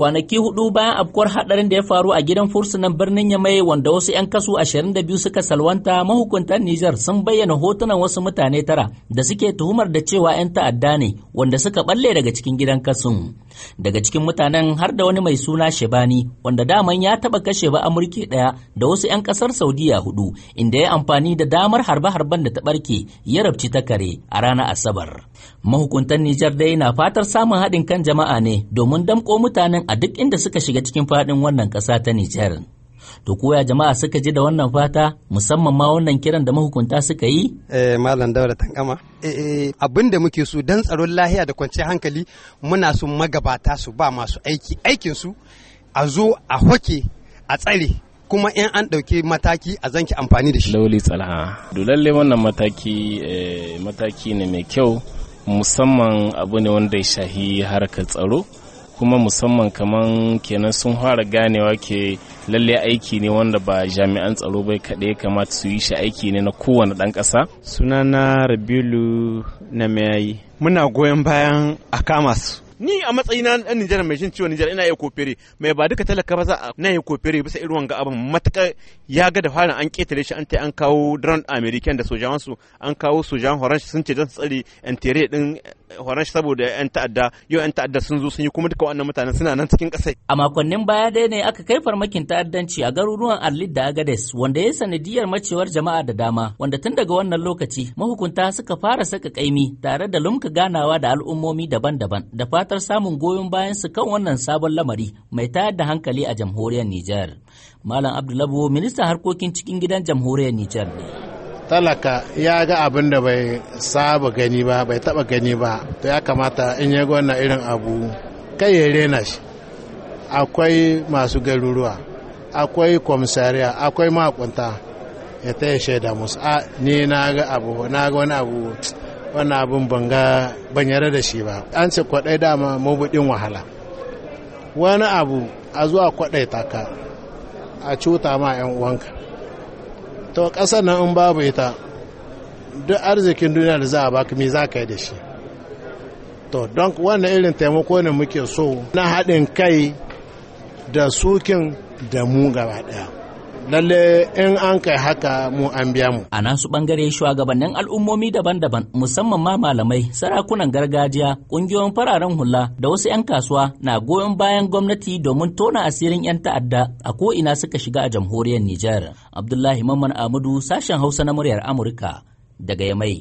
kwanaki hudu bayan afkuwar hadarin da ya faru a gidan fursunan birnin yamai wanda wasu 'yan kasu 22 suka salwanta mahukuntan Nijar sun bayyana hotunan wasu mutane tara da suke tuhumar da cewa 'yan ta'adda ne wanda suka balle daga cikin gidan kasun. daga cikin mutanen har da wani mai suna shebani wanda daman ya taba kashe ba amurke daya da wasu 'yan kasar saudiya hudu inda ya amfani da damar harbe-harben da ta barke ya rabci ta kare a ranar asabar mahukuntan nijar dai na fatar samun haɗin kan jama'a ne domin damko mutanen a duk inda suka shiga cikin faɗin wannan ƙasa ta nijar to koya jama'a suka je da wannan fata musamman ma wannan kiran da mahukunta suka yi eh malam daura tankama eh, eh abin da muke so dan tsaron lahiya da kwanciyar hankali muna su magabata su ba masu aiki aikin su a zo a hoke a tsare kuma in an ɗauki mataki a zanki amfani da shi. Lauli tsalha. Dulalle wannan mataki eh, mataki ne mai kyau musamman abu ne wanda ya shahi harkar tsaro. kuma musamman kaman kenan sun fara ganewa ke lalle aiki ne wanda ba jami'an tsaro bai kaɗai kamata su yi shi aiki ne na kowane ɗan ƙasa? sunana rabilu na mayayi muna goyon bayan a kama su ni a matsayina ɗan Nijar mai shin ciwon Nijar ina iya kofere mai ba duka talaka ba za a na yi kofere bisa irin wanga abin matakar ya ga da fara an ketare shi an ta an kawo drone American da sojawansu an kawo sojan horon sun ce don su tsare interior din horon shi saboda yan ta'adda yau yan ta'adda sun zo sun yi kuma duka wannan mutanen suna nan cikin ƙasai. A makonnin baya dai ne aka kai farmakin ta'addanci a garuruwan Arlit da Agades wanda ya sanadiyar macewar jama'a da dama wanda tun daga wannan lokaci mahukunta suka fara saka kaimi tare da lumka ganawa da al'ummomi daban-daban da fatar samun goyon bayan su kan wannan sabon lamari mai tayar da hankali a jamhuriyar Nijar. Malam Abdullabo ministan harkokin cikin gidan jamhuriyar Nijar ne. talaka ya ga abin da bai saba gani ba bai taba gani ba to ya kamata in ya ga wannan irin abu kai ya rena shi akwai masu garuruwa akwai komisariya akwai makunta ya ta shaida musu a ni na ga abu na ga wani abu wani abin banga ban da shi ba an ce kwaɗai dama mabuɗin wahala wani abu a zuwa kwaɗai taka a cuta ma 'yan uwanka to ƙasar nan in babu ita duk arzikin duniya da za a baka me za ka yi da shi to don wannan irin taimako ne muke so na haɗin kai da sukin da mu gaba ɗaya lalle in an kai haka mu an biya mu a nasu bangare shugabannin al'ummomi daban-daban musamman ma malamai sarakunan gargajiya ƙungiyoyin fararen hula da wasu 'yan kasuwa na goyon bayan gwamnati domin tona asirin 'yan ta'adda a ko ina suka shiga a jamhuriyar Nijar Abdullahi Mamman Amadu sashen Hausa na muryar Amurka daga Yamai